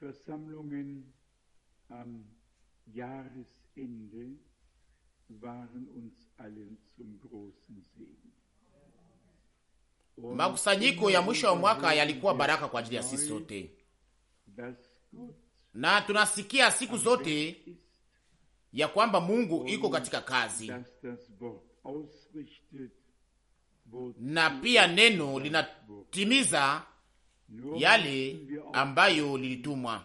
Versammlungen am Jahresende waren uns allen zum großen Segen. Makusanyiko ya mwisho wa mwaka yalikuwa baraka kwa ajili ya sisi sote, na tunasikia siku zote ya kwamba Mungu iko katika kazi na pia neno linatimiza yale ambayo lilitumwa,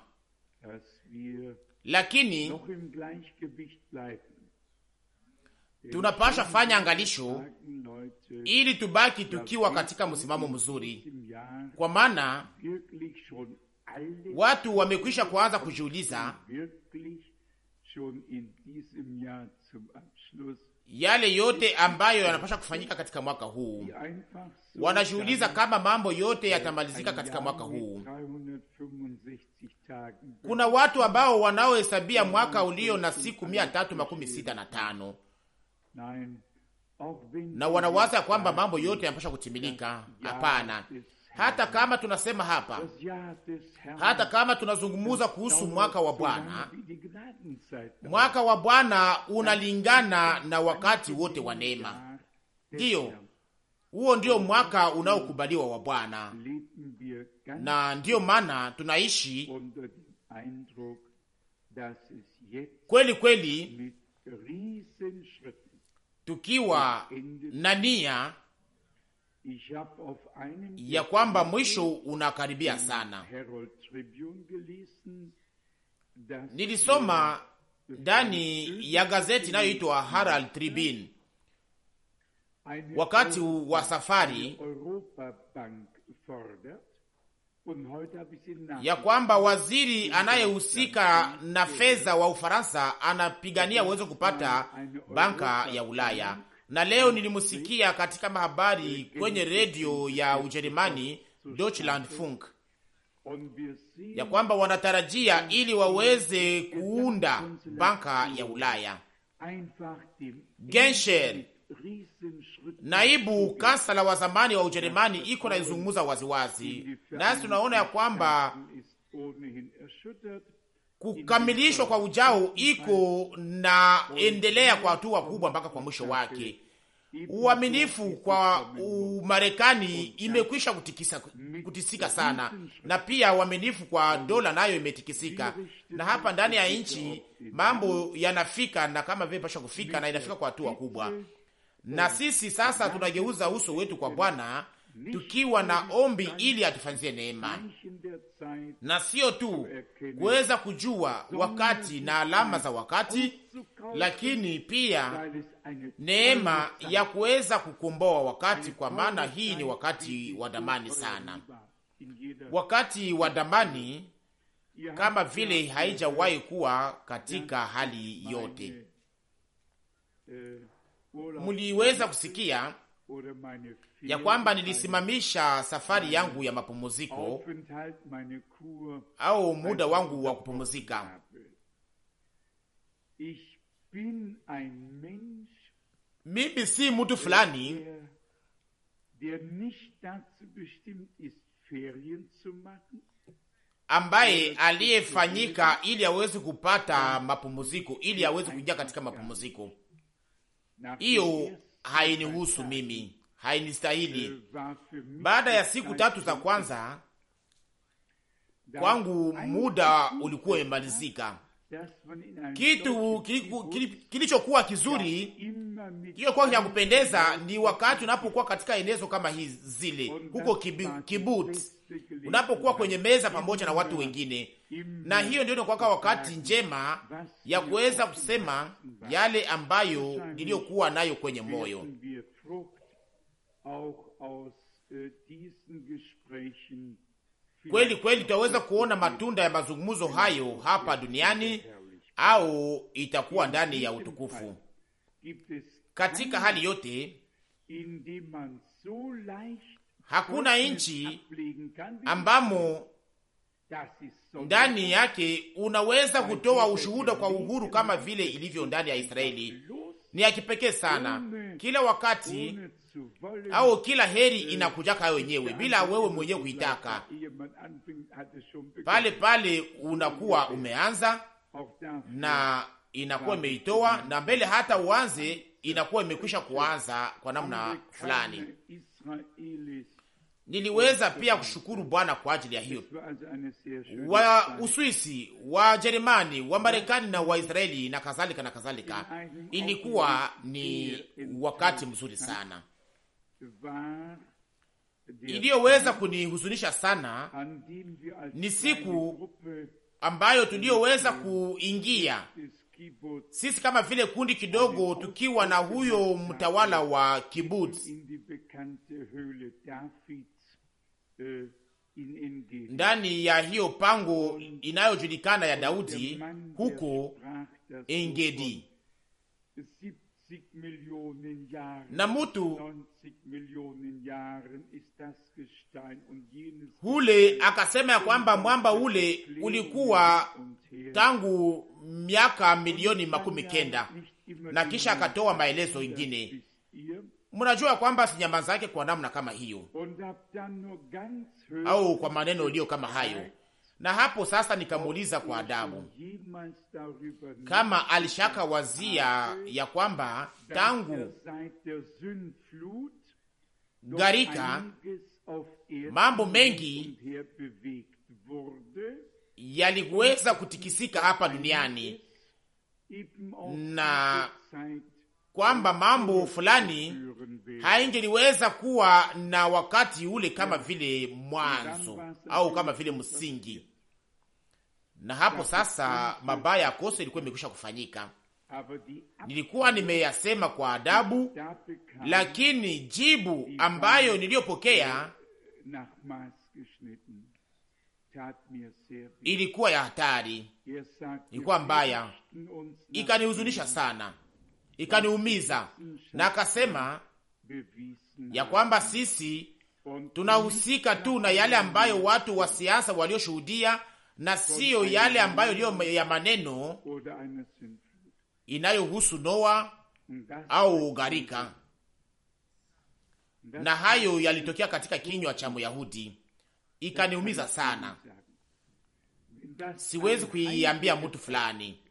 lakini tunapasha fanya angalisho ili tubaki tukiwa katika msimamo mzuri, kwa maana watu wamekwisha kuanza kujiuliza yale yote ambayo yanapaswa kufanyika katika mwaka huu. Wanashuhudiza kama mambo yote yatamalizika katika mwaka huu. Kuna watu ambao wanaohesabia mwaka ulio na siku mia tatu makumi sita na tano na wanawaza kwamba mambo yote yanapaswa kutimilika. Hapana, hata kama tunasema hapa, hata kama tunazungumuza kuhusu mwaka wa Bwana, mwaka wa Bwana unalingana na wakati wote wa neema. Ndiyo, huo ndio mwaka unaokubaliwa wa Bwana, na ndiyo maana tunaishi kweli kweli tukiwa na nia ya kwamba mwisho unakaribia sana. Nilisoma ndani ya gazeti inayoitwa Herald Tribune wakati wa safari ya kwamba waziri anayehusika na fedha wa Ufaransa anapigania uwezo kupata banka ya Ulaya na leo mm. nilimusikia katika mahabari kwenye redio ya Ujerumani Deutschland Funk ya kwamba wanatarajia ili waweze kuunda banka ya Ulaya. Genscher, naibu kansala wa zamani wa Ujerumani, iko naizungumuza waziwazi, nasi tunaona ya kwamba kukamilishwa kwa ujao iko na endelea kwa hatua kubwa mpaka kwa mwisho wake. Uaminifu kwa Umarekani imekwisha kutikisa, kutisika sana, na pia uaminifu kwa dola nayo imetikisika, na hapa ndani ya nchi mambo yanafika na kama vile pasha kufika, na inafika kwa hatua kubwa, na sisi sasa tunageuza uso wetu kwa Bwana tukiwa na ombi ili atufanyie neema, na sio tu kuweza kujua wakati na alama za wakati, lakini pia neema ya kuweza kukomboa wakati, kwa maana hii ni wakati wa damani sana, wakati wa damani kama vile haijawahi kuwa katika hali yote. Mliweza kusikia ya kwamba nilisimamisha safari yangu ya mapumuziko au muda wangu wa kupumuzika Mimi si mtu fulani ambaye aliyefanyika ili aweze kupata mapumuziko ili aweze kuingia katika mapumuziko hiyo hainihusu mimi, hainistahili. Baada ya siku tatu za kwanza kwangu muda ulikuwa umemalizika. Kitu kilichokuwa kizuri, kilichokuwa cha kupendeza ni wakati unapokuwa katika enezo kama hizi zile huko Kibut unapokuwa kwenye meza pamoja na watu wengine, na hiyo ndio inakuwa wakati njema ya kuweza kusema yale ambayo niliyokuwa nayo kwenye moyo. Kweli kweli tutaweza kuona matunda ya mazungumzo hayo hapa duniani au itakuwa ndani ya utukufu. Katika hali yote Hakuna nchi ambamo ndani yake unaweza kutoa ushuhuda kwa uhuru kama vile ilivyo ndani ya Israeli. Ni ya kipekee sana. Kila wakati au kila heri äh, inakujaka wenyewe bila wewe mwenyewe kuitaka, pale pale unakuwa umeanza na inakuwa imeitoa, na mbele hata uanze inakuwa imekwisha kuanza kwa namna fulani. Niliweza pia kushukuru Bwana kwa ajili ya hiyo. Wa Uswisi, wa Jerumani, wa Marekani na wa Israeli na kadhalika na kadhalika. Ilikuwa ni wakati mzuri sana. Iliyoweza kunihuzunisha sana ni siku ambayo tuliyoweza kuingia sisi kama vile kundi kidogo, tukiwa na huyo mtawala wa kibuti Uh, ndani ya hiyo pango inayojulikana ya Daudi huko Engedi, na mutu ule akasema ya kwamba mwamba ule ulikuwa tangu miaka milioni makumi kenda, na kisha akatoa maelezo ingine Mnajua kwamba sinyama zake kwa namna kama hiyo au kwa maneno iliyo kama hayo. Na hapo sasa nikamuuliza kwa adabu kama alishaka wazia ya kwamba tangu gharika mambo mengi yaliweza kutikisika hapa duniani na kwamba mambo fulani haingeliweza kuwa na wakati ule kama vile mwanzo au kama vile msingi, na hapo sasa mabaya ya ilikuwa imekwisha kufanyika. Nilikuwa nimeyasema kwa adabu, lakini jibu ambayo niliyopokea ilikuwa ya hatari, ilikuwa mbaya, ikanihuzunisha sana ikaniumiza, mm, na akasema ya kwamba sisi tunahusika tu na yale ambayo watu wa siasa walioshuhudia na siyo yale ambayo liyo ya maneno inayohusu Noa au ugarika. na hayo yalitokea katika kinywa cha Myahudi. Ikaniumiza sana, siwezi kuiambia mtu fulani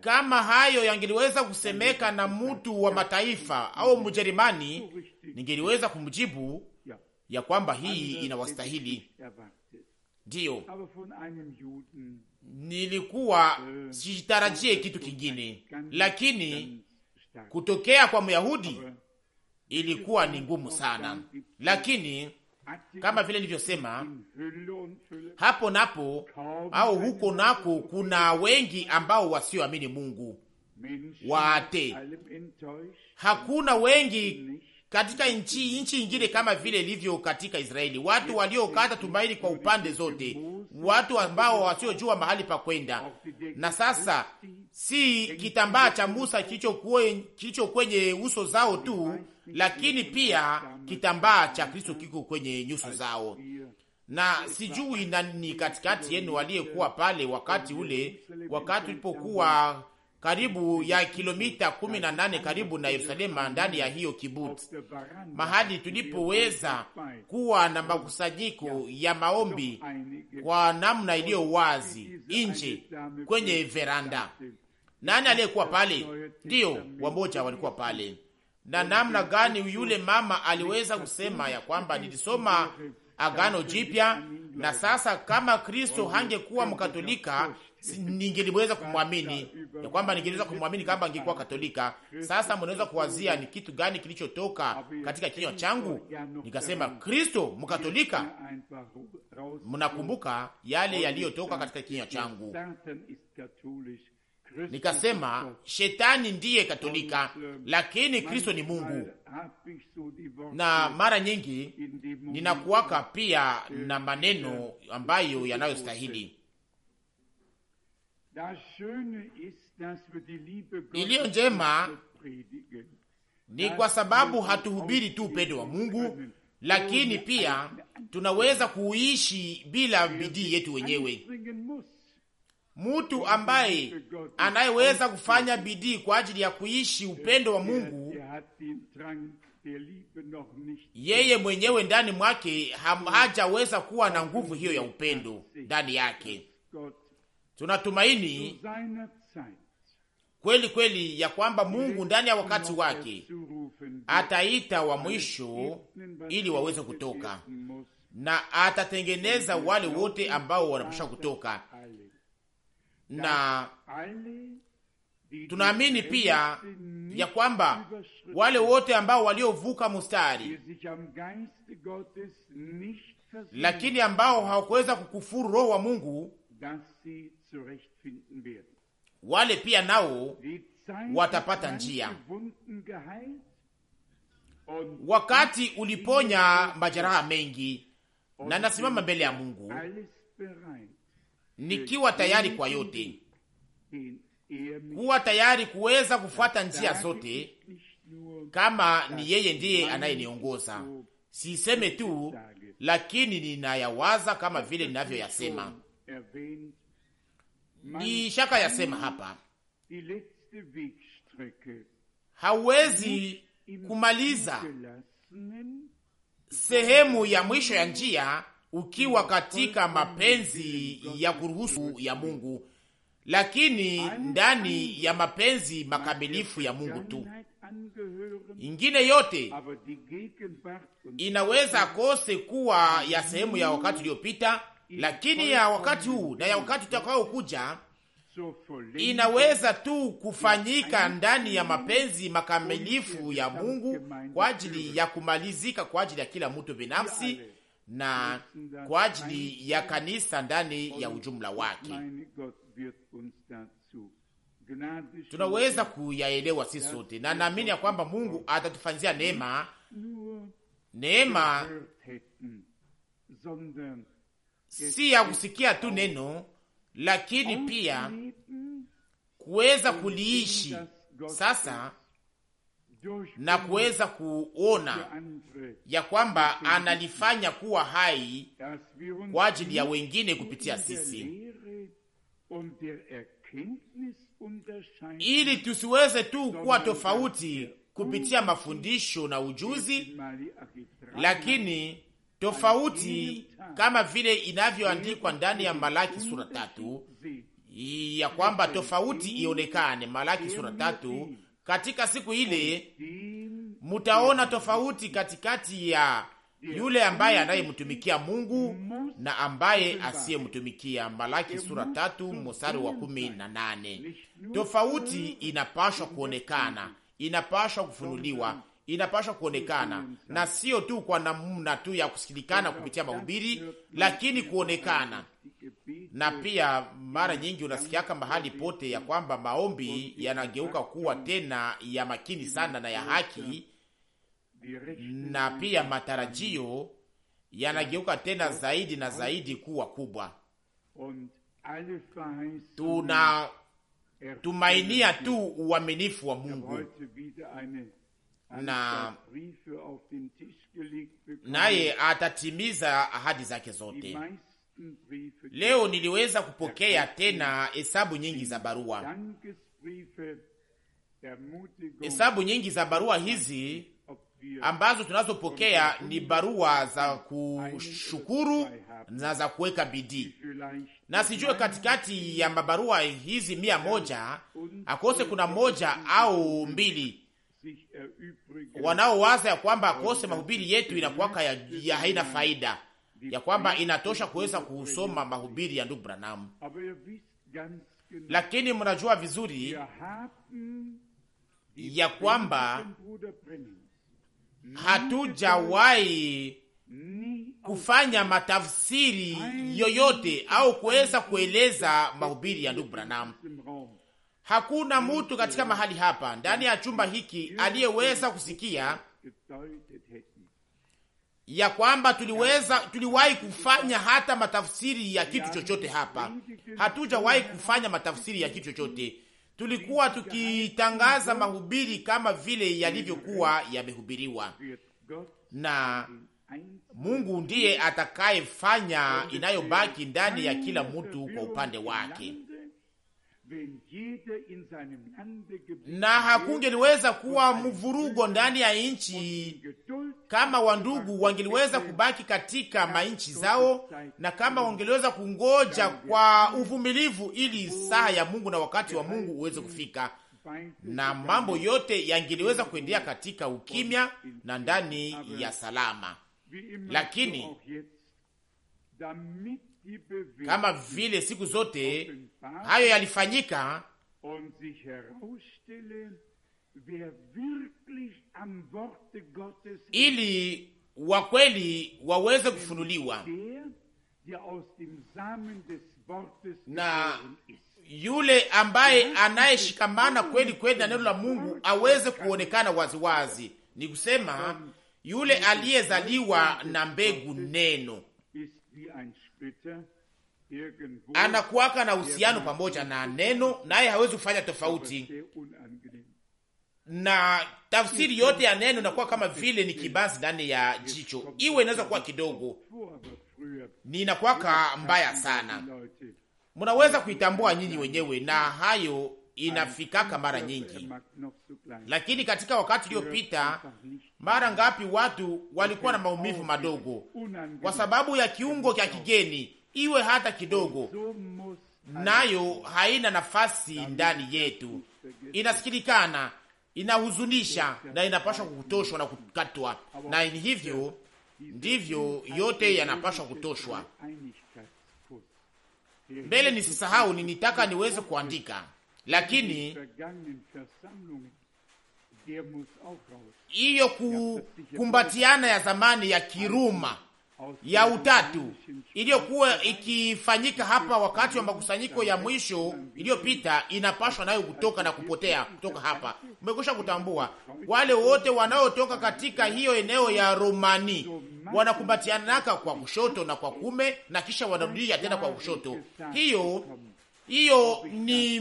kama hayo yangeliweza kusemeka na mtu wa mataifa au Mjerumani, ningeliweza kumjibu ya kwamba hii inawastahili ndiyo. Nilikuwa äh, sitarajie kitu kingine, lakini kutokea kwa Myahudi ilikuwa ni ngumu sana, lakini kama vile nilivyosema hapo napo au huko nako, kuna wengi ambao wasioamini Mungu waate. Hakuna wengi katika nchi nchi nyingine kama vile ilivyo katika Israeli, watu waliokata tumaini kwa upande zote, watu ambao wasiojua mahali pa kwenda. Na sasa si kitambaa cha Musa kilicho kwenye uso zao tu, lakini pia kitambaa cha Kristo kiko kwenye nyuso zao. Na sijui nani katikati yenu waliyekuwa pale wakati ule, wakati ulipokuwa karibu ya kilomita 18 karibu na Yerusalema, ndani ya hiyo kibuti, mahali tulipoweza kuwa na makusanyiko ya maombi kwa namna iliyo wazi nje kwenye veranda. Nani aliyekuwa pale? Ndiyo, wamoja walikuwa pale. Na namna gani yule mama aliweza kusema ya kwamba nilisoma Agano Jipya na sasa, kama Kristo hangekuwa Mkatolika ningeliweza kumwamini ya kwamba ningeliweza kumwamini kama ningekuwa Katolika. Sasa mnaweza kuwazia ni kitu gani kilichotoka katika kinywa changu, nikasema Kristo Mkatolika. Mnakumbuka yale yaliyotoka katika kinywa changu, nikasema shetani ndiye Katolika, lakini Kristo ni Mungu. Na mara nyingi ninakuwaka pia na maneno ambayo yanayostahili Iliyo njema ni kwa sababu hatuhubiri tu upendo wa Mungu, lakini pia tunaweza kuishi bila bidii yetu wenyewe. Mtu um ambaye anayeweza kufanya bidii kwa ajili ya kuishi upendo wa Mungu, yeye mwenyewe ndani mwake hajaweza kuwa na nguvu hiyo ya upendo ndani yake tunatumaini kweli kweli ya kwamba Mungu ndani ya wakati wake ataita wa mwisho ili waweze kutoka, na atatengeneza wale wote ambao wanapasha kutoka, na tunaamini pia ya kwamba wale wote ambao waliovuka mustari lakini ambao hawakuweza kukufuru roho wa Mungu wale pia nao watapata njia. Wakati uliponya majeraha mengi, na nasimama mbele ya Mungu nikiwa tayari kwa yote, er kuwa tayari kuweza kufuata njia zote, kama ni yeye ndiye anayeniongoza. Siiseme tu, lakini ninayawaza kama vile ninavyoyasema ni shaka yasema hapa, hauwezi kumaliza sehemu ya mwisho ya njia ukiwa katika mapenzi ya kuruhusu ya Mungu, lakini ndani ya mapenzi makamilifu ya Mungu tu. Ingine yote inaweza kose kuwa ya sehemu ya wakati uliopita, lakini ya wakati huu na ya wakati utakaokuja inaweza tu kufanyika ndani ya mapenzi makamilifu ya Mungu kwa ajili ya kumalizika kwa ajili ya kila mtu binafsi na kwa ajili ya kanisa ndani ya ujumla wake. Tunaweza kuyaelewa sisi sote, na naamini ya kwamba Mungu atatufanyizia neema, neema si ya kusikia tu neno, lakini pia kuweza kuliishi sasa na kuweza kuona ya kwamba analifanya kuwa hai kwa ajili ya wengine kupitia sisi, ili tusiweze tu kuwa tofauti kupitia mafundisho na ujuzi, lakini tofauti kama ah. vile inavyoandikwa ndani ya Malaki sura tatu ya kwamba tofauti ionekane. Malaki sura tatu, katika siku ile mutaona tofauti katikati ya yule ambaye anayemtumikia Mungu na ambaye asiyemtumikia. Malaki sura tatu mstari wa kumi na nane. Tofauti inapashwa kuonekana, inapashwa kufunuliwa, inapaswa kuonekana na sio tu kwa namna tu ya kusikilikana kupitia mahubiri, lakini kuonekana. Na pia mara nyingi unasikiaka mahali pote ya kwamba maombi yanageuka kuwa tena ya makini sana na ya haki, na pia matarajio yanageuka tena zaidi na zaidi kuwa kubwa. tunatumainia tu uaminifu wa Mungu na naye atatimiza ahadi zake zote. Leo niliweza kupokea tena hesabu nyingi za barua, hesabu nyingi za barua hizi ambazo tunazopokea ni barua za kushukuru na za kuweka bidii, na sijue katikati ya mabarua hizi mia moja akose kuna moja au mbili wanaowaza ya kwamba kose mahubiri yetu inakuwaka ya, ya haina faida ya kwamba inatosha kuweza kusoma mahubiri ya ndugu Branham, lakini mnajua vizuri ya kwamba hatujawahi kufanya matafsiri yoyote au kuweza kueleza mahubiri ya ndugu Branham Hakuna mtu katika mahali hapa ndani ya chumba hiki aliyeweza kusikia ya kwamba tuliweza tuliwahi kufanya hata matafsiri ya kitu chochote hapa. Hatujawahi kufanya matafsiri ya kitu chochote. Tulikuwa tukitangaza mahubiri kama vile yalivyokuwa yamehubiriwa, na Mungu ndiye atakayefanya inayobaki ndani ya kila mtu kwa upande wake na hakungeliweza kuwa mvurugo ndani ya nchi kama wandugu wangeliweza kubaki katika manchi zao, na kama wangeliweza kungoja kwa uvumilivu ili saa ya Mungu na wakati wa Mungu uweze kufika, na mambo yote yangeliweza kuendea katika ukimya na ndani ya salama, lakini kama vile siku zote hayo yalifanyika ili wa kweli waweze kufunuliwa na yule ambaye anayeshikamana kweli kweli na neno la Mungu aweze kuonekana waziwazi, ni kusema yule aliyezaliwa na mbegu neno anakuwaka na uhusiano pamoja na neno, naye hawezi kufanya tofauti na tafsiri yote ya neno inakuwa kama vile ni kibanzi ndani ya jicho, iwe inaweza kuwa kidogo ni inakuwaka mbaya sana. Mnaweza kuitambua nyinyi wenyewe, na hayo inafikaka mara nyingi, lakini katika wakati uliopita, mara ngapi watu walikuwa na maumivu oh, madogo kwa sababu ya kiungo cha kigeni, iwe hata kidogo, nayo haina nafasi ndani yetu. Inasikilikana, inahuzunisha na inapashwa kutoshwa na kukatwa, na hivyo ndivyo yote yanapashwa kutoshwa mbele. Nisisahau, ninitaka niweze kuandika lakini hiyo kukumbatiana ya zamani ya Kiruma ya utatu iliyokuwa ikifanyika hapa wakati wa makusanyiko ya mwisho iliyopita inapashwa nayo kutoka na kupotea kutoka hapa. Umekwisha kutambua wale wote wanaotoka katika hiyo eneo ya Romani wanakumbatianaka kwa kushoto na kwa kume, na kisha wanarudia tena kwa kushoto. Hiyo hiyo ni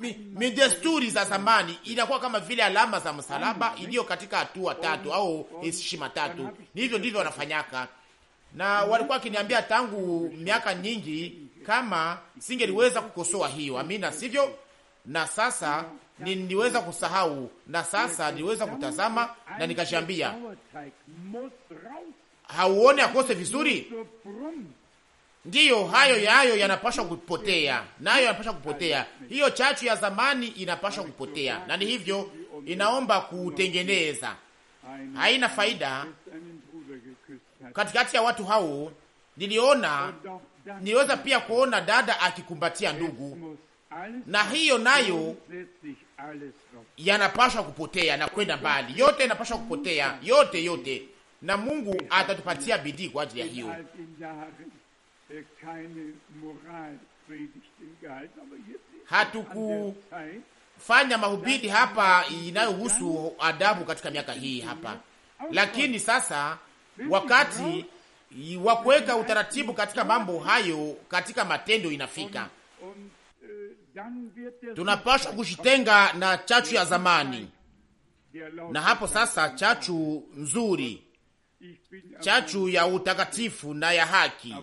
mi desturi za zamani inakuwa kama vile alama za msalaba iliyo katika hatua tatu au heshima tatu. Ni hivyo ndivyo wanafanyaka, na walikuwa wakiniambia tangu miaka nyingi kama singeliweza kukosoa hiyo. Amina, sivyo? Na sasa niliweza kusahau, na sasa niliweza kutazama na nikashambia, hauone akose vizuri Ndiyo, hayo yayo yanapaswa kupotea, nayo yanapaswa kupotea. Hiyo chachu ya zamani inapaswa kupotea, na ni hivyo inaomba kutengeneza, haina faida. Katikati ya watu hao niliona, niliweza pia kuona dada akikumbatia ndugu, na hiyo nayo yanapaswa kupotea na kwenda mbali. Yote yanapaswa kupotea, yote yote, na Mungu atatupatia bidii kwa ajili ya hiyo Eh, hatukufanya mahubiri hapa inayohusu adabu katika miaka hii hapa, lakini sasa wakati wa kuweka utaratibu katika mambo hayo katika matendo inafika. Äh, Tunapaswa kujitenga na chachu ya zamani, na hapo sasa chachu nzuri chachu ya utakatifu na ya haki.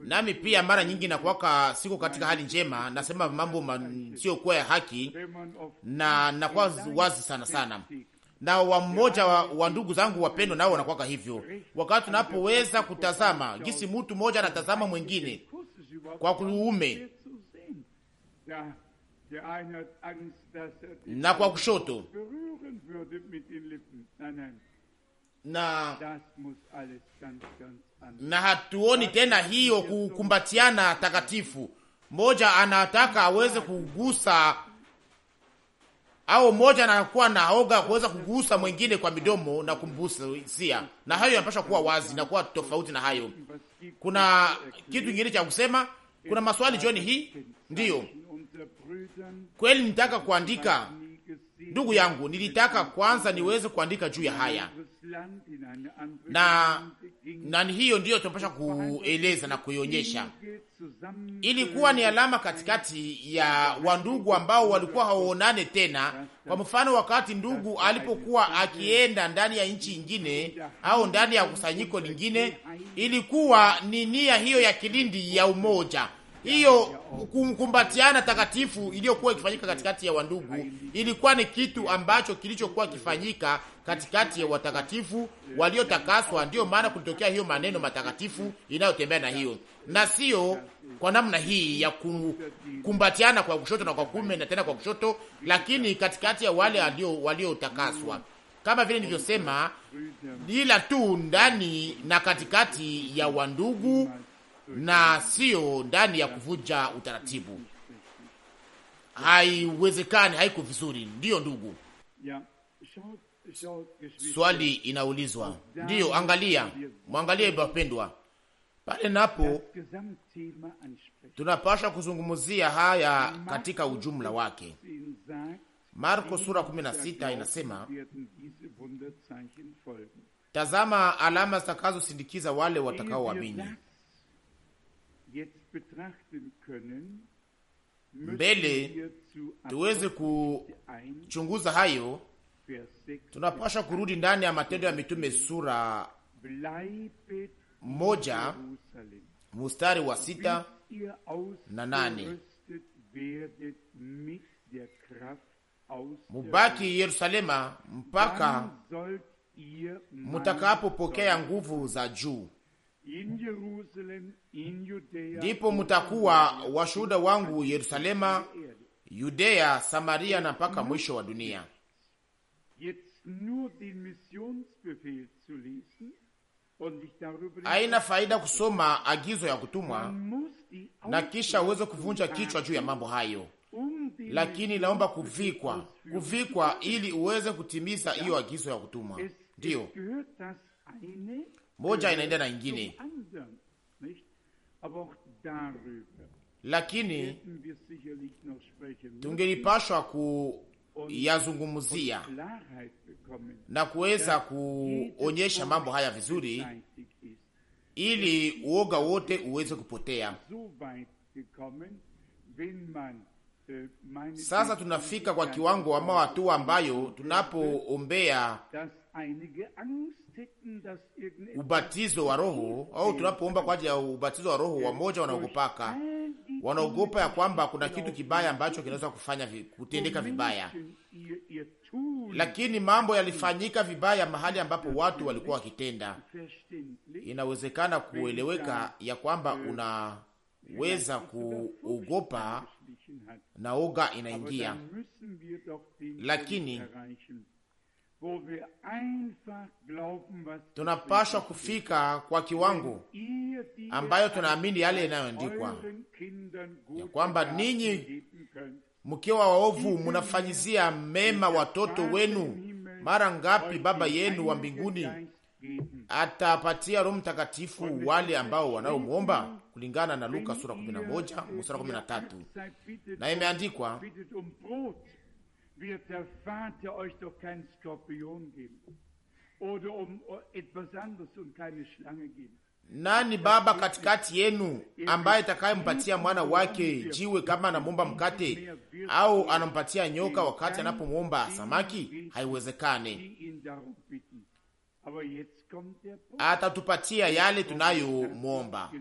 Nami pia mara nyingi nakuwaka, siko katika hali njema, nasema mambo man, kuwa ya haki, na nakuwa wazi sana sana, na wamoja wa, wa ndugu zangu wapendwa nao wanakuwaka hivyo, wakati tunapoweza kutazama gisi mtu mmoja anatazama mwingine kwa kuume na kwa kushoto na na hatuoni tena hiyo kukumbatiana takatifu. Mmoja anataka aweze kugusa au mmoja anakuwa na oga kuweza kugusa mwingine kwa midomo na kumbusia, na hayo yanapaswa kuwa wazi na kuwa tofauti na hayo. Kuna kitu kingine cha kusema? Kuna maswali jioni hii? Ndiyo, kweli nitaka kuandika Ndugu yangu, nilitaka kwanza niweze kuandika juu ya haya na na hiyo ndiyo tunapasha kueleza na kuionyesha. Ilikuwa ni alama katikati ya wandugu ambao walikuwa hawaonane tena. Kwa mfano, wakati ndugu alipokuwa akienda ndani ya nchi ingine au ndani ya kusanyiko lingine, ilikuwa ni nia hiyo ya kilindi ya umoja hiyo kumkumbatiana takatifu iliyokuwa ikifanyika katikati ya wandugu ilikuwa ni kitu ambacho kilichokuwa kifanyika katikati ya watakatifu waliotakaswa. Ndiyo maana kulitokea hiyo maneno matakatifu inayotembea na hiyo, na sio kwa namna hii ya kukumbatiana kwa kushoto na kwa kume na tena kwa kushoto, lakini katikati ya wale waliotakaswa kama vile nilivyosema, ila tu ndani na katikati ya wandugu na sio ndani ya kuvunja utaratibu. Haiwezekani, haiko vizuri. Ndiyo ndugu, swali inaulizwa. Ndiyo, angalia, mwangalie wapendwa, pale napo tunapasha kuzungumzia haya katika ujumla wake. Marko sura 16 inasema, tazama alama zitakazosindikiza wale watakaoamini mbele tuweze kuchunguza hayo, tunapashwa kurudi ndani ya Matendo ya Mitume sura moja mustari wa sita na nane mubaki Yerusalema mpaka mutakapopokea nguvu za juu, ndipo mutakuwa washuhuda wangu Yerusalema, Yudea, Samaria na mpaka mwisho wa dunia. Haina faida kusoma agizo ya kutumwa na kisha uweze kuvunja kichwa juu ya mambo hayo, um lakini naomba kuvikwa, kuvikwa ili uweze kutimiza hiyo agizo ya kutumwa. Ndiyo moja inaenda na ingine, lakini tungelipashwa kuyazungumzia na kuweza kuonyesha mambo haya vizuri, ili uoga wote uweze kupotea. Sasa tunafika kwa kiwango ama hatua ambayo tunapoombea ubatizo wa Roho au tunapoomba kwa ajili ya ubatizo wa Roho, wamoja wanaogopaka, wanaogopa ya kwamba kuna kitu kibaya ambacho kinaweza kufanya kutendeka vibaya, lakini mambo yalifanyika vibaya mahali ambapo watu walikuwa wakitenda. Inawezekana kueleweka ya kwamba unaweza kuogopa naoga inaingia, lakini tunapashwa kufika kwa kiwango ambayo tunaamini yale inayoandikwa ya kwamba ninyi mkiwa waovu munafanyizia mema watoto wenu, mara ngapi Baba yenu wa mbinguni atapatia Roho Mtakatifu wale ambao wanaomwomba, kulingana na Luka sura 11 mstari 13, na imeandikwa nani baba katikati yenu ambaye atakayempatia mwana wake jiwe kama anamwomba mkate, au anampatia nyoka wakati anapomwomba samaki? Haiwezekani atatupatia yale oh, tunayomwomba.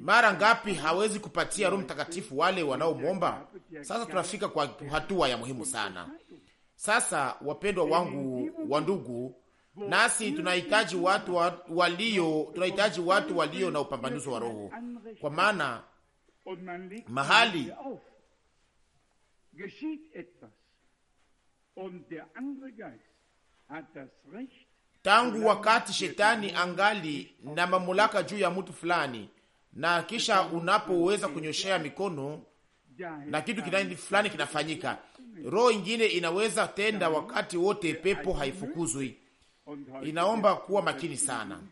Mara ngapi hawezi kupatia Roho Mtakatifu wale wanaomwomba? Sasa tunafika kwa hatua ya muhimu sana. Sasa wapendwa wangu wa ndugu, nasi tunahitaji watu wa, walio tunahitaji watu walio na upambanuzi wa Roho, kwa maana mahali tangu wakati shetani angali na mamlaka juu ya mtu fulani, na kisha unapoweza kunyoshea mikono na kitu kinani fulani kinafanyika. Roho ingine inaweza tenda wakati wote, pepo haifukuzwi. Inaomba kuwa makini sana,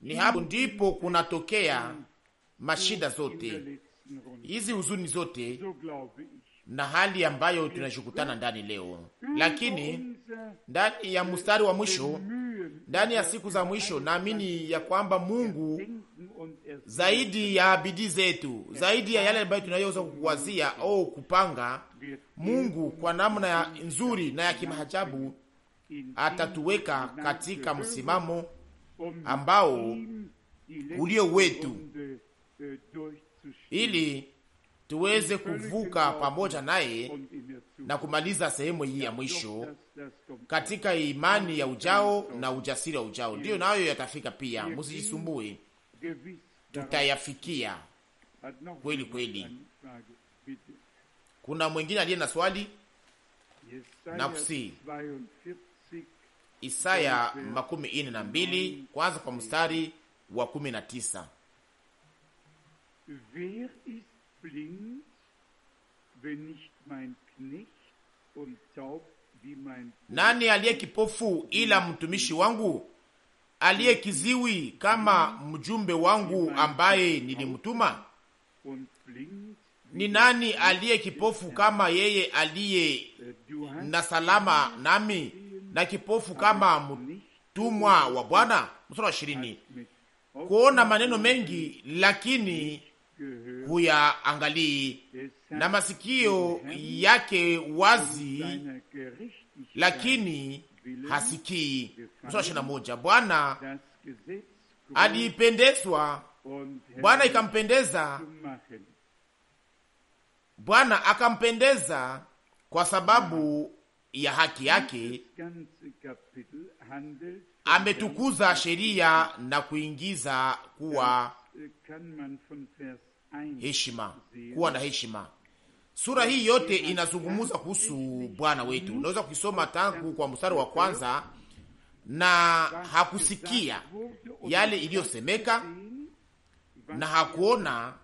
ni hapo ndipo kunatokea mashida zote hizi, huzuni zote na hali ambayo tunashukutana ndani leo, lakini ndani ya mstari wa mwisho, ndani ya siku za mwisho, naamini ya kwamba Mungu zaidi ya bidii zetu, zaidi ya yale ambayo tunayoweza kuwazia au kupanga, Mungu kwa namna ya nzuri na ya kimahajabu atatuweka katika msimamo ambao ulio wetu eh, ili tuweze kuvuka pamoja naye na kumaliza sehemu hii ya mwisho katika imani ya ujao na ujasiri wa ujao. Ndiyo nayo yatafika pia, msijisumbue, tutayafikia kweli kweli. Kuna mwingine aliye na swali Nafsi Isaya makumi ine na mbili kwanza kwa mstari wa kumi na tisa blind, wenn nicht mein Knecht und taub wie mein... Nani aliye kipofu ila mtumishi wangu, aliye kiziwi kama mjumbe wangu ambaye nilimtuma? Ni nani aliye kipofu kama yeye aliye na salama nami na kipofu kama mtumwa wa Bwana? Mstari wa ishirini. Kuona maneno mengi, lakini Mm-hmm. huyaangalii na masikio yake wazi, lakini hasikii. Mstari wa moja, Bwana aliipendezwa, Bwana ikampendeza, Bwana akampendeza kwa sababu ya haki yake ametukuza sheria na kuingiza kuwa heshima, kuwa na heshima. Sura hii yote inazungumza kuhusu Bwana wetu. Unaweza kuisoma tangu kwa mstari wa kwanza, na hakusikia yale iliyosemeka na hakuona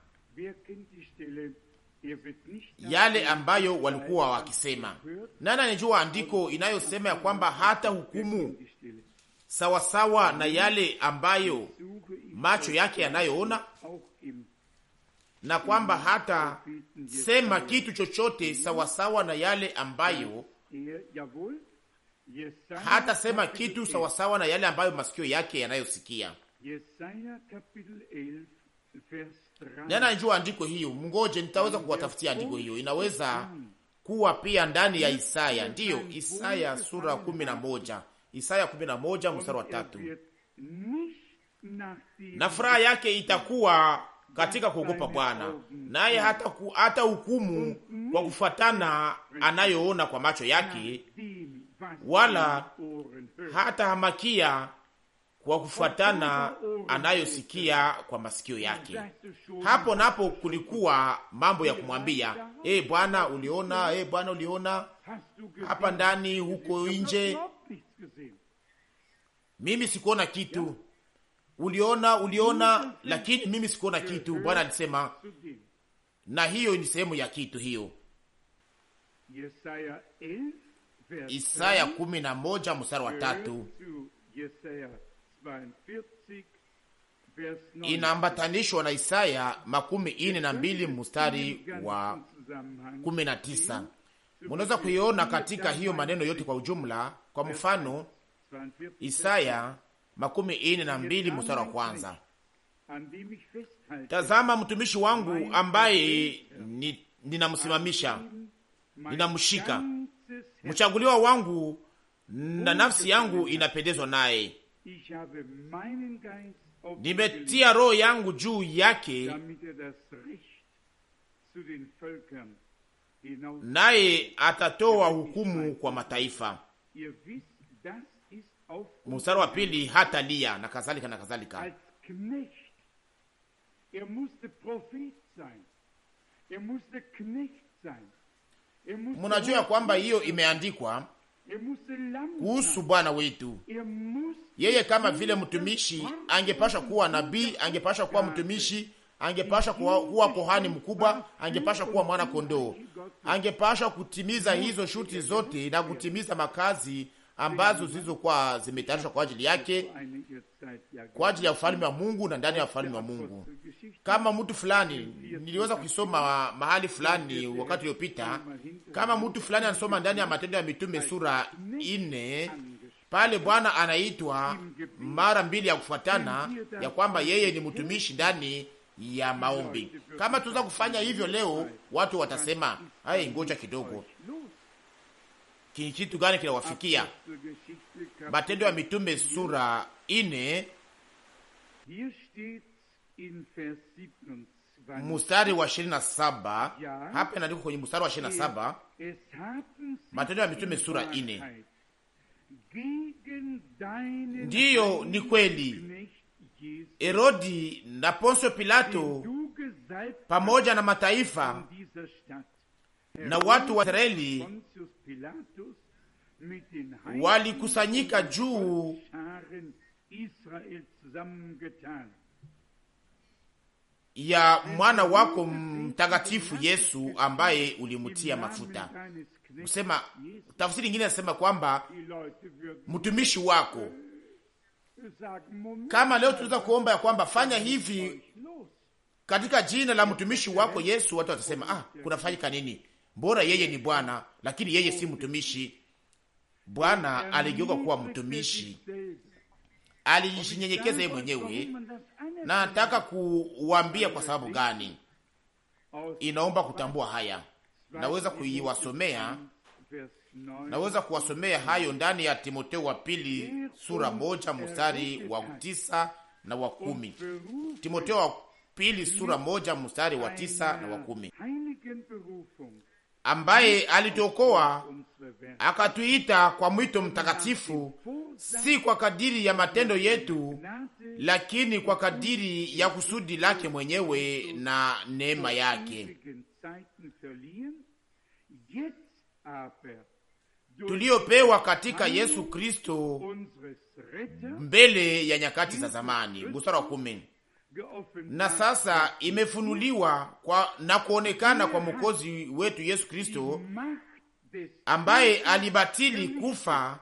yale ambayo walikuwa wakisema. Nani anajua andiko inayosema ya kwamba hata hukumu sawasawa na yale ambayo macho yake yanayoona? na kwamba hata sema kitu chochote sawasawa na yale ambayo hata sema kitu sawasawa na yale ambayo masikio yake yanayosikia. njua andiko hiyo, mngoje, nitaweza kuwatafutia andiko hiyo. Inaweza kuwa pia ndani ya Isaya, ndiyo Isaya sura kumi na moja Isaya kumi na moja mstari wa tatu na furaha yake itakuwa katika kuogopa Bwana, naye hata, ku, hata hukumu kwa kufuatana anayoona kwa macho yake, wala hata hamakia kwa kufuatana anayosikia kwa masikio yake. Hapo napo kulikuwa mambo ya kumwambia e, Bwana uliona, e, Bwana uliona hapa ndani, huko nje, mimi sikuona kitu uliona, uliona, mm-hmm. lakini mimi sikuona kitu. Mm-hmm. Bwana alisema, mm-hmm. na hiyo ni sehemu ya kitu hiyo. Isaya kumi na moja mstari wa tatu inaambatanishwa na Isaya makumi ine na mbili mstari wa kumi na tisa. Munaweza kuiona katika hiyo maneno yote kwa ujumla. Kwa mfano Isaya makumi ine na mbili mstari wa kwanza. Tazama mtumishi wangu ambaye ninamsimamisha, ninamshika, mchaguliwa wangu, na nafsi yangu inapendezwa naye. Nimetia roho yangu juu yake, naye atatoa hukumu kwa mataifa mstari wa pili hata lia na kadhalika na kadhalika. Munajua kwamba hiyo imeandikwa kuhusu Bwana wetu, yeye kama vile mtumishi angepasha kuwa nabii, angepasha kuwa mtumishi, angepasha kuwa, kuwa kohani mkubwa, angepasha kuwa mwana kondoo, angepasha kutimiza hizo shuti zote na kutimiza makazi ambazo zilizokuwa zimetayarishwa kwa ajili yake, kwa ajili ya ufalme wa Mungu na ndani ya ufalme wa Mungu. Kama mtu fulani, niliweza kusoma mahali fulani wakati uliopita, kama mtu fulani anasoma ndani ya Matendo ya Mitume sura ine pale Bwana anaitwa mara mbili ya kufuatana ya kwamba yeye ni mtumishi ndani ya maombi. Kama tuweza kufanya hivyo leo, watu watasema hai, ngoja kidogo, kitu gani kinawafikia. Matendo ya Mitume sura ine mustari wa ishirini na saba hapa inaandikwa kwenye mustari wa ishirini na saba er, Matendo ya Mitume sura ine ndiyo ni kweli Herodi na Ponsio Pilato pamoja na mataifa na watu wa Israeli walikusanyika juu ya mwana wako mtakatifu Yesu ambaye ulimutia mafuta. Kusema tafsiri nyingine nasema kwamba mtumishi wako. Kama leo tunaweza kuomba ya kwamba fanya hivi katika jina la mtumishi wako Yesu, watu watasema ah, kunafanyika nini? Mbora yeye ni bwana, lakini yeye si mtumishi. Bwana aligeuka kuwa mtumishi, alijinyenyekeza yeye mwenyewe. Na nataka kuwambia kwa sababu gani inaomba kutambua haya. Naweza kuiwasomea, naweza kuwasomea hayo ndani ya Timoteo wa pili sura moja mstari wa tisa na wa kumi. Timoteo wa pili sura moja mstari wa tisa na wa kumi ambaye alituokoa akatuita kwa mwito mtakatifu, si kwa kadiri ya matendo yetu, lakini kwa kadiri ya kusudi lake mwenyewe na neema yake tuliyopewa katika Yesu Kristo mbele ya nyakati za zamani. Mstari wa kumi na sasa imefunuliwa kwa na kuonekana kwa mwokozi wetu Yesu Kristo ambaye alibatili kufa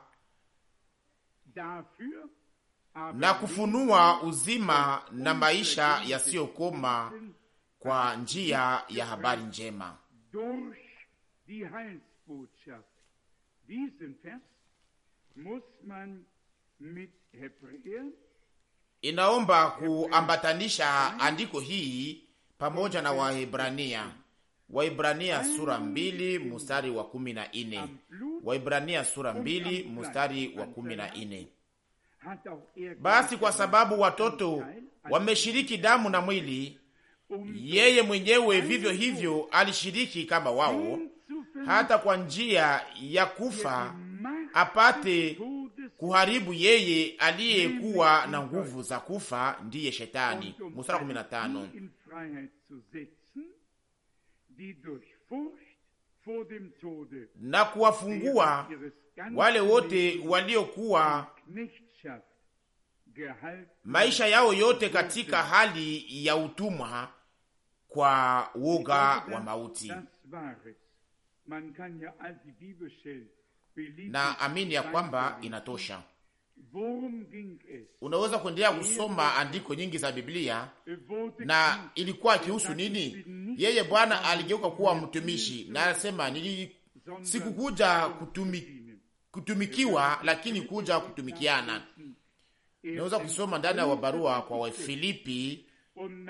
na kufunua uzima na maisha yasiyokoma kwa njia ya habari njema inaomba kuambatanisha andiko hii pamoja na Wahebrania. Waibrania sura mbili mstari wa kumi na ine. Waibrania sura mbili mstari wa kumi na ine. Basi kwa sababu watoto wameshiriki damu na mwili, yeye mwenyewe vivyo hivyo alishiriki kama wao, hata kwa njia ya kufa apate kuharibu yeye aliyekuwa na nguvu za kufa ndiye Shetani. Mstari kumi na tano na kuwafungua wale wote waliokuwa maisha yao yote katika hali ya utumwa kwa woga wa mauti na amini ya kwamba inatosha. Unaweza kuendelea kusoma andiko nyingi za Biblia na ilikuwa akihusu nini? Yeye Bwana aligeuka kuwa mtumishi na anasema nili sikukuja kutumi, kutumikiwa lakini kuja kutumikiana. Unaweza kusoma ndani ya wabarua kwa Wafilipi,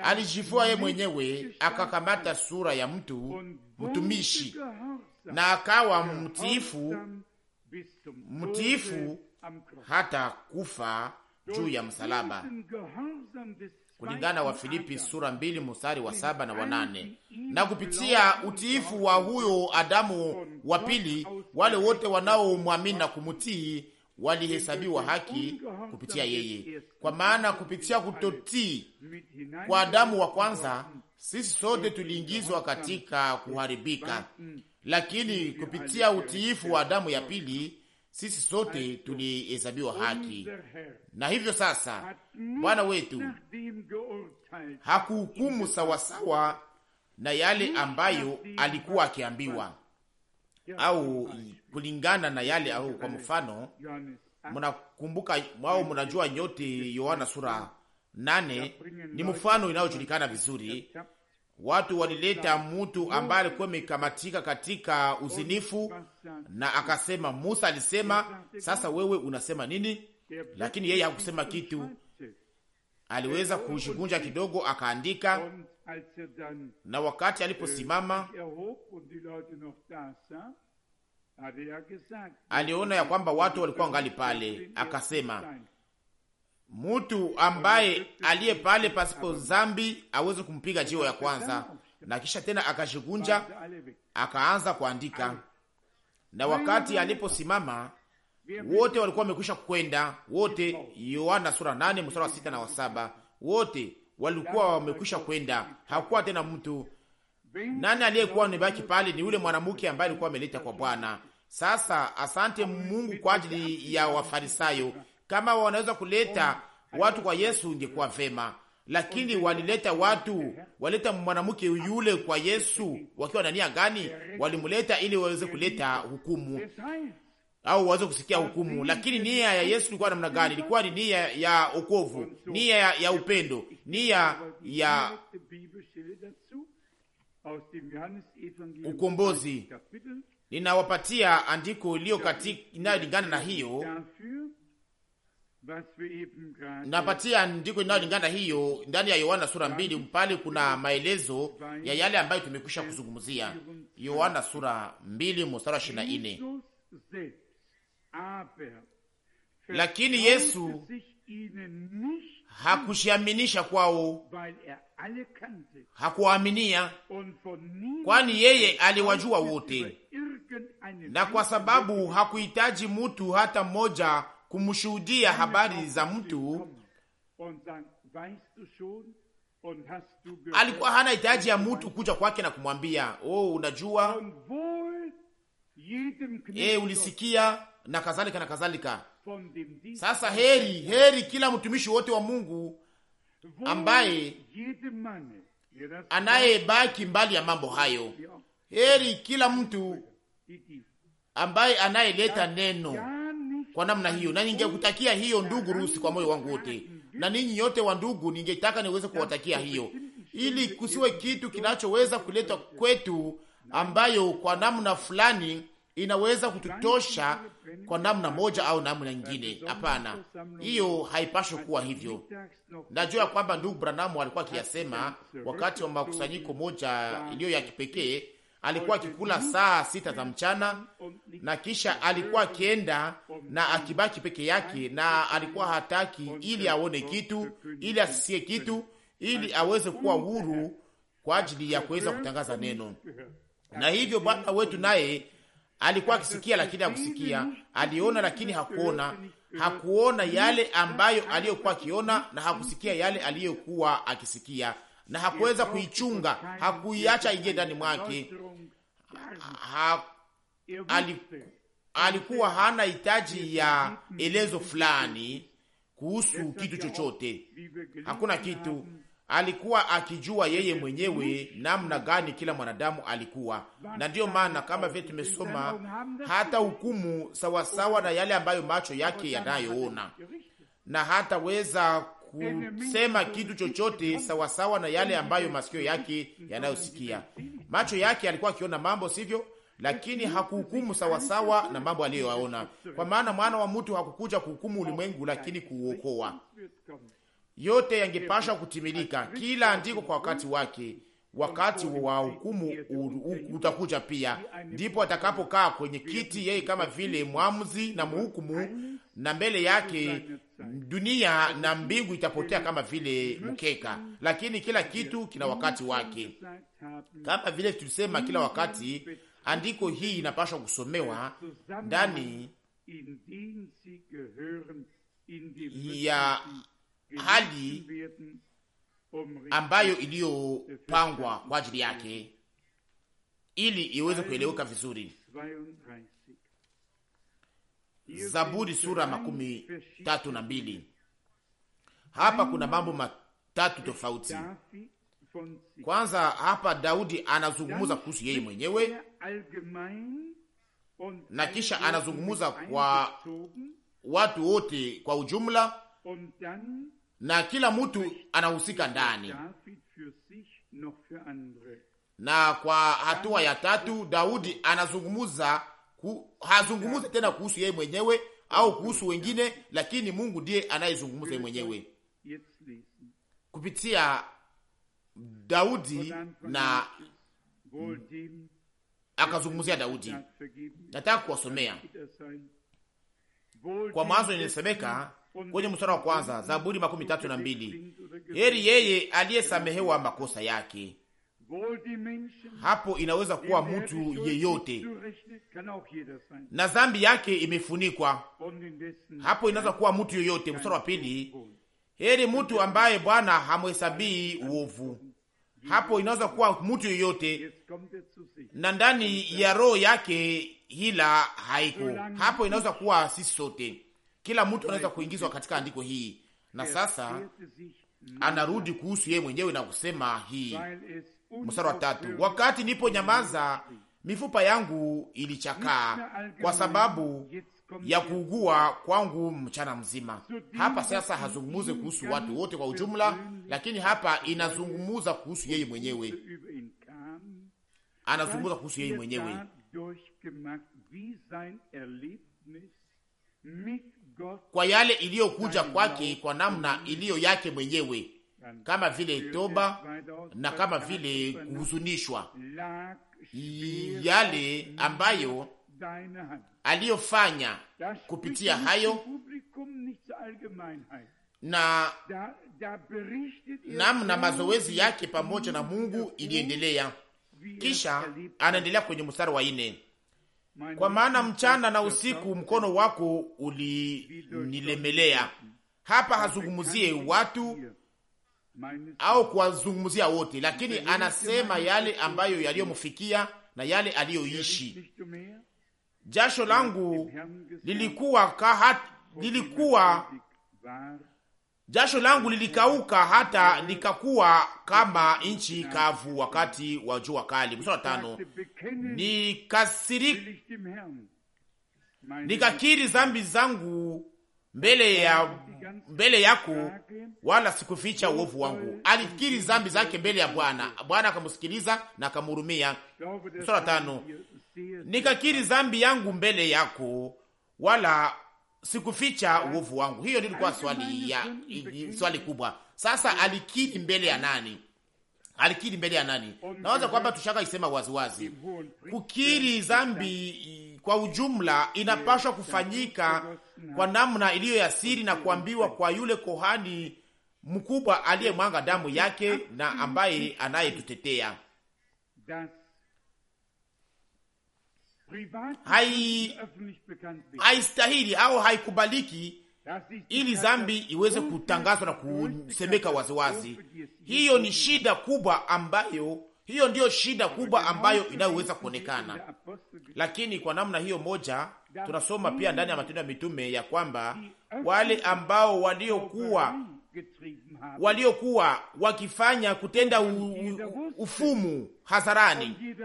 alijivua yeye mwenyewe akakamata sura ya mtu mtumishi na akawa mtiifu mtiifu hata kufa juu ya msalaba, kulingana wa Filipi sura mbili mstari wa saba na wanane. Na kupitia utiifu wa huyo Adamu wa pili, wale wote wanaomwamini na kumutii walihesabiwa haki kupitia yeye, kwa maana kupitia kutotii kwa Adamu wa kwanza sisi sote tuliingizwa katika kuharibika, lakini kupitia utiifu wa damu ya pili sisi sote tulihesabiwa haki. Na hivyo sasa, Bwana wetu hakuhukumu sawasawa na yale ambayo alikuwa akiambiwa au kulingana na yale au, kwa mfano mnakumbuka au mnajua nyote Yohana sura nane ni mfano inayojulikana vizuri watu walileta mtu ambaye alikuwa amekamatika katika uzinifu, na akasema, Musa alisema, sasa wewe unasema nini? Lakini yeye hakusema kitu, aliweza kushigunja kidogo, akaandika. Na wakati aliposimama aliona ya kwamba watu walikuwa ngali pale, akasema mtu ambaye aliye pale pasipo zambi aweze kumpiga jiwe ya kwanza, na kisha tena akashikunja akaanza kuandika. Na wakati aliposimama wote walikuwa wamekwisha kwenda wote, Yohana sura nane mstari wa sita na wa saba. Wote walikuwa wamekwisha kwenda, hakuwa tena mtu. Nani aliyekuwa nibaki pale? Ni yule mwanamke ambaye alikuwa ameleta kwa Bwana. Sasa asante Mungu kwa ajili ya Wafarisayo kama wanaweza kuleta watu kwa Yesu ingekuwa vema, lakini walileta watu, walileta mwanamke yule kwa Yesu wakiwa na nia gani? Walimleta ili waweze kuleta hukumu au waweze kusikia hukumu. Lakini nia ya Yesu ilikuwa namna gani? Ilikuwa ni nia ya okovu, nia ya, ya upendo, nia ya ukombozi. Ninawapatia andiko iliyo katika inayolingana na hiyo Uh, Napatia ndiko inayolingana hiyo ndani ya Yohana sura mbili, pale kuna maelezo ya yale ambayo tumekwisha kuzungumzia. Yohana sura mbili mstari wa ishirini na nne lakini Yesu hakushiaminisha kwao, hakuwaaminia, kwani yeye aliwajua wote, na kwa sababu hakuhitaji mtu hata mmoja kumshuhudia habari za mtu alikuwa hana hitaji ya mtu kuja kwake na kumwambia oh, unajua e, ulisikia na kadhalika na kadhalika. Sasa heri heri kila mtumishi wote wa Mungu ambaye anayebaki mbali ya mambo hayo. Heri kila mtu ambaye anayeleta neno kwa namna hiyo, na ningekutakia hiyo ndugu Rusi kwa moyo wangu wote, na ninyi nyote wa ndugu, ningetaka niweze kuwatakia hiyo, ili kusiwe kitu kinachoweza kuletwa kwetu ambayo kwa namna fulani inaweza kututosha kwa namna moja au namna nyingine. Hapana, hiyo haipaswi kuwa hivyo. Najua kwamba ndugu Branamu alikuwa akiyasema wakati wa makusanyiko moja iliyo ya kipekee alikuwa akikula saa sita za mchana na kisha alikuwa akienda na akibaki peke yake, na alikuwa hataki ili aone kitu, ili asisie kitu, ili aweze kuwa huru kwa ajili ya kuweza kutangaza neno. Na hivyo Bwana wetu naye alikuwa akisikia, lakini hakusikia, aliona lakini hakuona, hakuona yale ambayo aliyokuwa akiona, na hakusikia yale aliyokuwa akisikia na hakuweza kuichunga, hakuiacha ingie ndani mwake. Ha, alikuwa hana hitaji ya elezo fulani kuhusu kitu chochote, hakuna kitu. Alikuwa akijua yeye mwenyewe namna gani kila mwanadamu alikuwa, na ndiyo maana kama vile tumesoma, hata hukumu sawasawa na yale ambayo macho yake yanayoona, na hataweza kusema kitu chochote sawasawa na yale ambayo masikio yake yanayosikia. Macho yake alikuwa akiona mambo, sivyo? Lakini hakuhukumu sawasawa na mambo aliyoyaona, kwa maana mwana wa mtu hakukuja kuhukumu ulimwengu, lakini kuuokoa. Yote yangepasha kutimilika, kila andiko kwa wakati wake. Wakati wa hukumu utakuja pia, ndipo atakapokaa kwenye kiti yeye kama vile mwamuzi na mhukumu, na mbele yake dunia na mbingu itapotea kama vile mkeka, lakini kila kitu kina wakati wake. Kama vile tulisema kila wakati, andiko hii inapaswa kusomewa ndani ya hali ambayo iliyopangwa kwa ajili yake ili iweze kueleweka vizuri. Zaburi sura makumi tatu na mbili. Hapa kuna mambo matatu tofauti. Kwanza hapa Daudi anazungumuza kuhusu yeye mwenyewe na kisha anazungumuza kwa watu wote kwa ujumla, na kila mtu anahusika ndani. Na kwa hatua ya tatu Daudi anazungumuza hazungumuze tena kuhusu yeye mwenyewe au kuhusu wengine, lakini Mungu ndiye anayezungumza mwenyewe kupitia Daudi na akazungumzia Daudi. Nataka kuwasomea kwa mwanzo, inasemeka kwenye mstari wa kwanza Zaburi makumi tatu na mbili heri yeye aliyesamehewa makosa yake hapo inaweza kuwa mtu yeyote, na dhambi yake imefunikwa, hapo inaweza kuwa mtu yeyote. Mstari wa pili, heri mtu ambaye Bwana hamhesabii uovu, hapo inaweza kuwa mtu yeyote, er na ndani ya roho yake hila haiko, hapo inaweza kuwa sisi sote, kila mtu anaweza kuingizwa katika andiko hii. Na sasa anarudi kuhusu yeye mwenyewe na kusema hii mstari wa tatu, wakati nipo nyamaza mifupa yangu ilichakaa kwa sababu ya kuugua kwangu mchana mzima. Hapa sasa hazungumuze kuhusu watu wote kwa ujumla, lakini hapa inazungumuza kuhusu yeye mwenyewe, anazungumuza kuhusu yeye mwenyewe kwa yale iliyokuja kwake, kwa namna iliyo yake mwenyewe, kama vile toba na kama vile kuhuzunishwa yale ambayo aliyofanya kupitia hayo na namna mazoezi yake pamoja na Mungu iliendelea. Kisha anaendelea kwenye mstari wa ine, kwa maana mchana na usiku mkono wako ulinilemelea. Hapa hazungumuzie watu au kuwazungumzia wote, lakini anasema yale ambayo yaliyomfikia na yale aliyoishi. Jasho langu lilikuwa kahat, lilikuwa jasho langu lilikauka hata likakuwa kama nchi kavu wakati wa jua kali. Mstari wa tano, nikasiri nikakiri dhambi zangu mbele ya mbele yako, wala sikuficha uovu wangu. Alikiri zambi zake mbele ya Bwana, Bwana akamsikiliza na akamhurumia. Sura tano, nikakiri zambi yangu mbele yako, wala sikuficha uovu wangu. Hiyo ndilikuwa swali ya swali kubwa. Sasa alikiri mbele ya nani? Alikiri mbele ya nani? Nawaza kwamba tushaka isema waziwazi, kukiri zambi kwa ujumla inapaswa kufanyika kwa namna iliyo ya siri na kuambiwa kwa yule kohani mkubwa aliyemwanga damu yake na ambaye anayetutetea. Haistahili hai au haikubaliki ili zambi iweze kutangazwa na kusemeka waziwazi. Hiyo ni shida kubwa ambayo, hiyo ndiyo shida kubwa ambayo inayoweza kuonekana, lakini kwa namna hiyo moja tunasoma pia ndani ya Matendo ya Mitume ya kwamba wale ambao waliokuwa waliokuwa wakifanya kutenda u, u, ufumu hadharani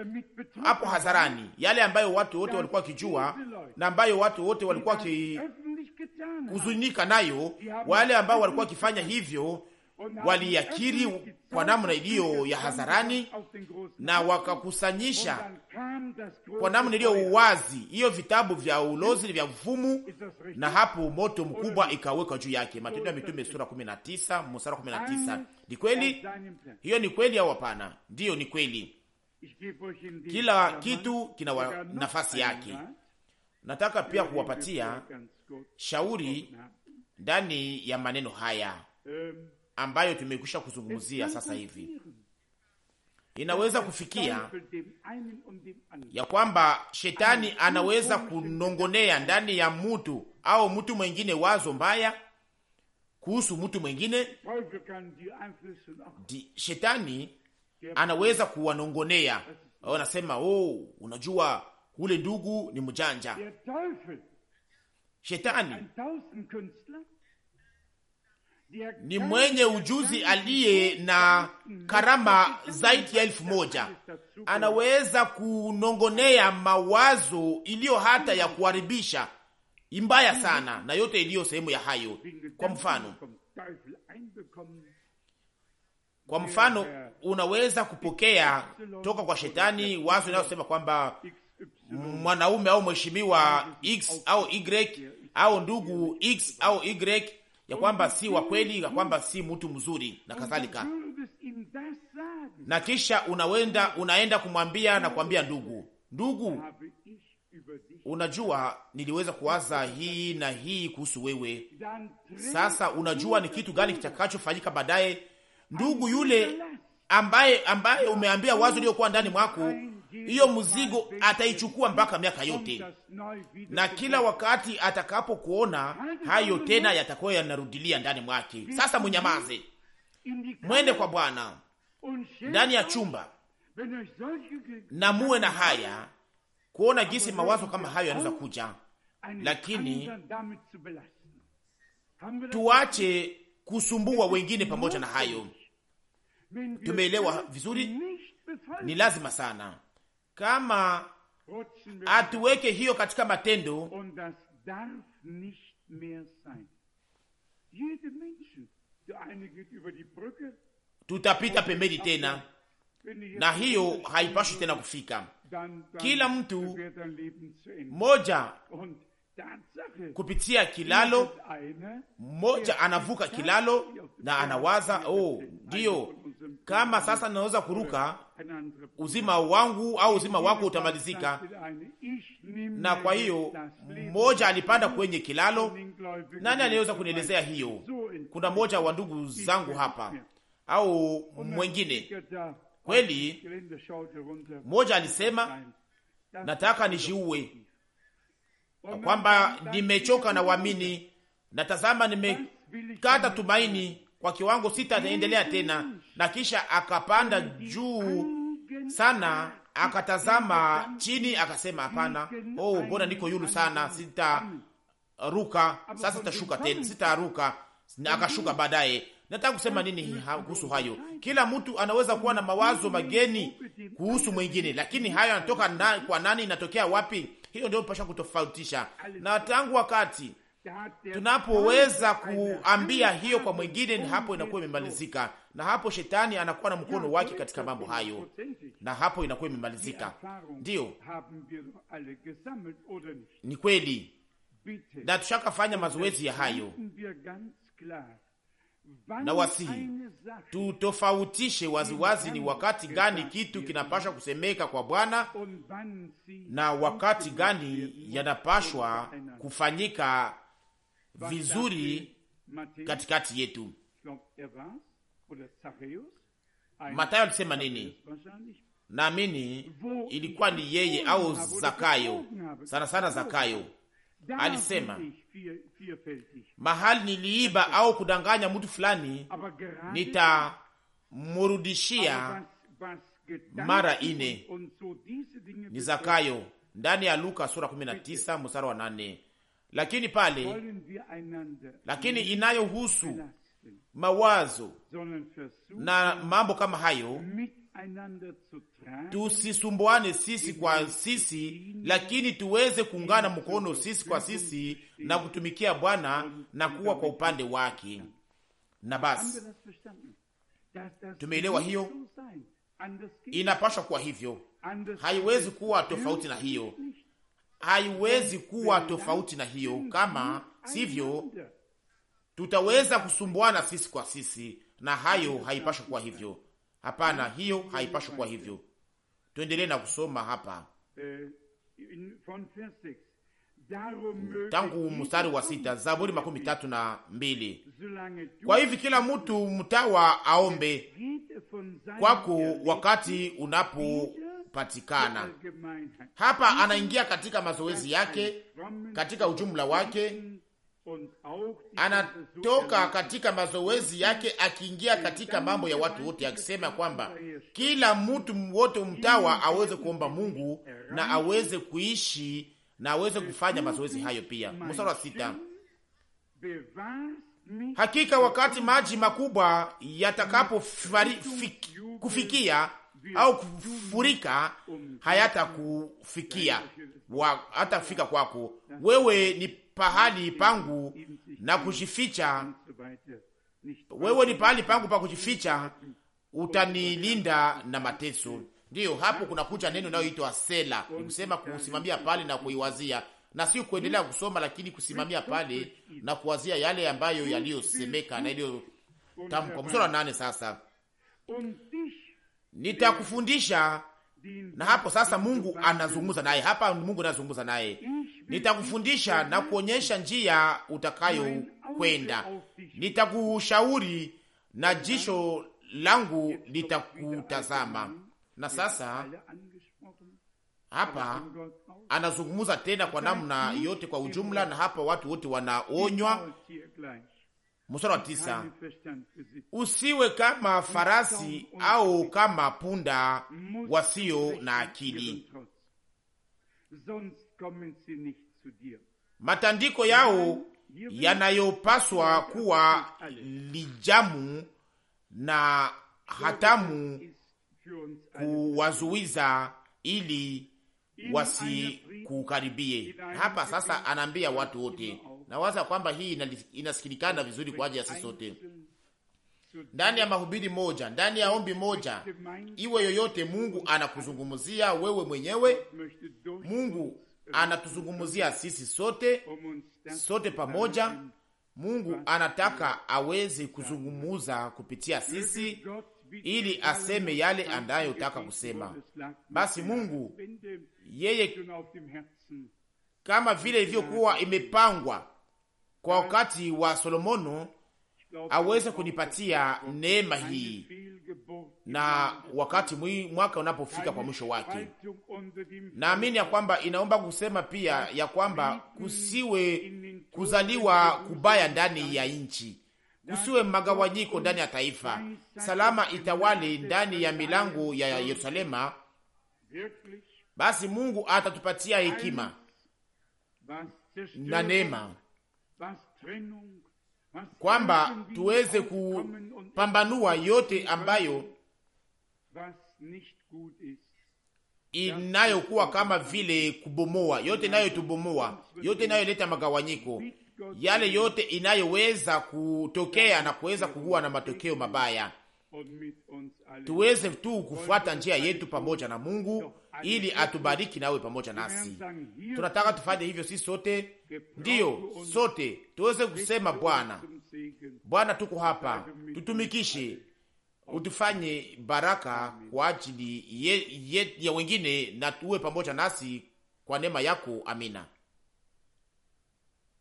hapo hadharani, yale ambayo watu wote walikuwa wakijua na ambayo watu wote walikuwa wakihuzunika nayo, wale ambao walikuwa wakifanya hivyo waliakiri kwa namna iliyo ya hadharani na wakakusanyisha kwa namna iliyo uwazi hiyo vitabu vya ulozi vya mfumu, na hapo moto mkubwa ikawekwa juu yake. Matendo ya Mitume sura 19 mstari 19. Ni kweli hiyo, ni kweli au hapana? Ndiyo, ni kweli. Kila kitu kina wa nafasi yake. Nataka pia kuwapatia shauri ndani ya maneno haya ambayo tumekwisha kuzungumzia sasa hivi. Inaweza kufikia ya kwamba shetani anaweza kunongonea ndani ya mtu au mtu mwengine wazo mbaya kuhusu mtu mwengine. Shetani anaweza kuwanongonea, anasema oh, unajua ule ndugu ni mjanja. Shetani ni mwenye ujuzi aliye na karama zaidi ya elfu moja anaweza kunongonea mawazo iliyo hata ya kuharibisha imbaya sana na yote iliyo sehemu ya hayo. Kwa mfano, kwa mfano unaweza kupokea toka kwa shetani wazo inayosema kwamba mwanaume au mheshimiwa x au y au ndugu x au y ya kwamba si wa kweli, ya kwamba si mtu mzuri na kadhalika, na kisha unawenda unaenda kumwambia na kuambia ndugu, ndugu, unajua niliweza kuwaza hii na hii kuhusu wewe. Sasa unajua ni kitu gani kitakachofanyika baadaye. Ndugu yule ambaye ambaye umeambia wazo uliokuwa ndani mwako hiyo mzigo ataichukua mpaka miaka yote, na kila wakati atakapokuona hayo tena yatakuwa yanarudilia ndani mwake. Sasa munyamaze, mwende kwa Bwana ndani ya chumba na muwe na haya kuona jinsi mawazo kama hayo yanaweza kuja, lakini tuache kusumbua wengine pamoja na hayo. Tumeelewa vizuri? Ni lazima sana kama atuweke hiyo katika matendo tutapita pembeni tena, na hiyo haipashwi tena kufika. Kila mtu er moja kupitia kilalo mmoja anavuka kilalo na anawaza oh, ndiyo kama sasa ninaweza kuruka uzima wangu au uzima wako utamalizika. Na kwa hiyo mmoja alipanda kwenye kilalo. Nani aliweza kunielezea hiyo? Kuna mmoja wa ndugu zangu hapa au mwengine kweli, mmoja alisema nataka nishiue, kwamba nimechoka na wamini natazama nimekata tumaini kwa kiwango, sitaendelea tena. Na kisha akapanda juu sana, akatazama chini akasema, hapana, oh, oh mbona niko yulu sana, sitaruka sasa, sitashuka tena, sitaruka. Akashuka baadaye. Nataka kusema nini kuhusu hayo? Kila mtu anaweza kuwa na mawazo mageni kuhusu mwingine, lakini hayo yanatoka na, kwa nani? Inatokea wapi? Hiyo ndio pasha kutofautisha. Na tangu wakati Tunapoweza kuambia hiyo kwa mwingine, hapo inakuwa imemalizika, na hapo shetani anakuwa na mkono wake katika mambo hayo, na hapo inakuwa imemalizika. Ndiyo, ni kweli, na tushakafanya mazoezi ya hayo. Na wasihi tutofautishe waziwazi ni wakati gani kitu kinapashwa kusemeka kwa Bwana na wakati gani yanapashwa kufanyika vizuri katikati yetu. Matayo alisema nini? Naamini ilikuwa ni yeye au Zakayo, sana sana Zakayo alisema mahali niliiba au kudanganya mtu fulani, nitamurudishia mara ine. Ni Zakayo ndani ya Luka sura 19 mstari wa 8 lakini pale, lakini inayohusu mawazo na mambo kama hayo, tusisumbuane sisi kwa sisi, lakini tuweze kuungana mkono sisi kwa sisi na kutumikia Bwana na kuwa kwa upande wake. Na basi tumeelewa hiyo, inapashwa kuwa hivyo, haiwezi kuwa tofauti na hiyo haiwezi kuwa tofauti na hiyo, kama sivyo tutaweza kusumbuana sisi kwa sisi, na hayo haipashwi kuwa hivyo. Hapana, hiyo haipashwi kuwa hivyo. Tuendelee na kusoma hapa tangu mstari wa sita Zaburi makumi tatu na mbili. Kwa hivi kila mtu mtawa aombe kwako wakati unapo kupatikana. Hapa anaingia katika mazoezi yake, katika ujumla wake, anatoka katika mazoezi yake akiingia katika mambo ya watu wote, akisema kwamba kila mtu wote mtawa aweze kuomba Mungu na aweze kuishi na aweze kufanya mazoezi hayo pia. Mstari wa sita. Hakika wakati maji makubwa yatakapokufikia au kufurika hayatakufikia hata kufika kwako. Wewe ni pahali pangu na kujificha, wewe ni pahali pangu pa kujificha, utanilinda na mateso. Ndiyo hapo kuna kucha neno inayoitwa sela, nikusema kusimamia pale na kuiwazia na si kuendelea kusoma, lakini kusimamia pale na kuwazia yale ambayo yaliyosemeka na iliyotamkwa. Msura nane sasa nitakufundisha na hapo sasa Mungu anazungumza naye hapa, Mungu anazungumza naye, nitakufundisha na kuonyesha njia utakayokwenda, nitakushauri na jicho langu litakutazama. Na sasa hapa anazungumza tena kwa namna yote, kwa ujumla, na hapa watu wote wanaonywa mstari wa tisa, usiwe kama farasi au kama punda wasio na akili, matandiko yao yanayopaswa kuwa lijamu na hatamu kuwazuiza ili wasikukaribie. Hapa sasa anaambia watu wote Nawaza kwamba hii inasikilikana vizuri kwa ajili ya sisi sote ndani ya mahubiri moja, ndani ya ombi moja, iwe yoyote, Mungu anakuzungumzia wewe mwenyewe. Mungu anatuzungumzia sisi sote, sote pamoja. Mungu anataka aweze kuzungumuza kupitia sisi, ili aseme yale anayotaka kusema. Basi Mungu yeye, kama vile ilivyokuwa imepangwa kwa wakati wa Solomono aweze kunipatia neema hii, na wakati mwi, mwaka unapofika kwa mwisho wake, naamini ya kwamba inaomba kusema pia ya kwamba kusiwe kuzaliwa kubaya ndani ya nchi, kusiwe magawanyiko ndani ya taifa. Salama itawali ndani ya milango ya Yerusalema. Basi Mungu atatupatia hekima na neema kwamba tuweze kupambanua yote ambayo inayokuwa kama vile kubomoa, yote inayotubomoa, yote inayoleta magawanyiko, yale yote inayoweza kutokea na kuweza kuwa na matokeo mabaya, tuweze tu kufuata njia yetu pamoja na Mungu ili atubariki nawe pamoja nasi. Tunataka tufanye hivyo sisi sote ndiyo sote tuweze kusema Bwana, Bwana, tuko hapa, tutumikishe, utufanye baraka kwa ajili ye, ye, ya wengine na tuwe pamoja nasi kwa neema yako. Amina.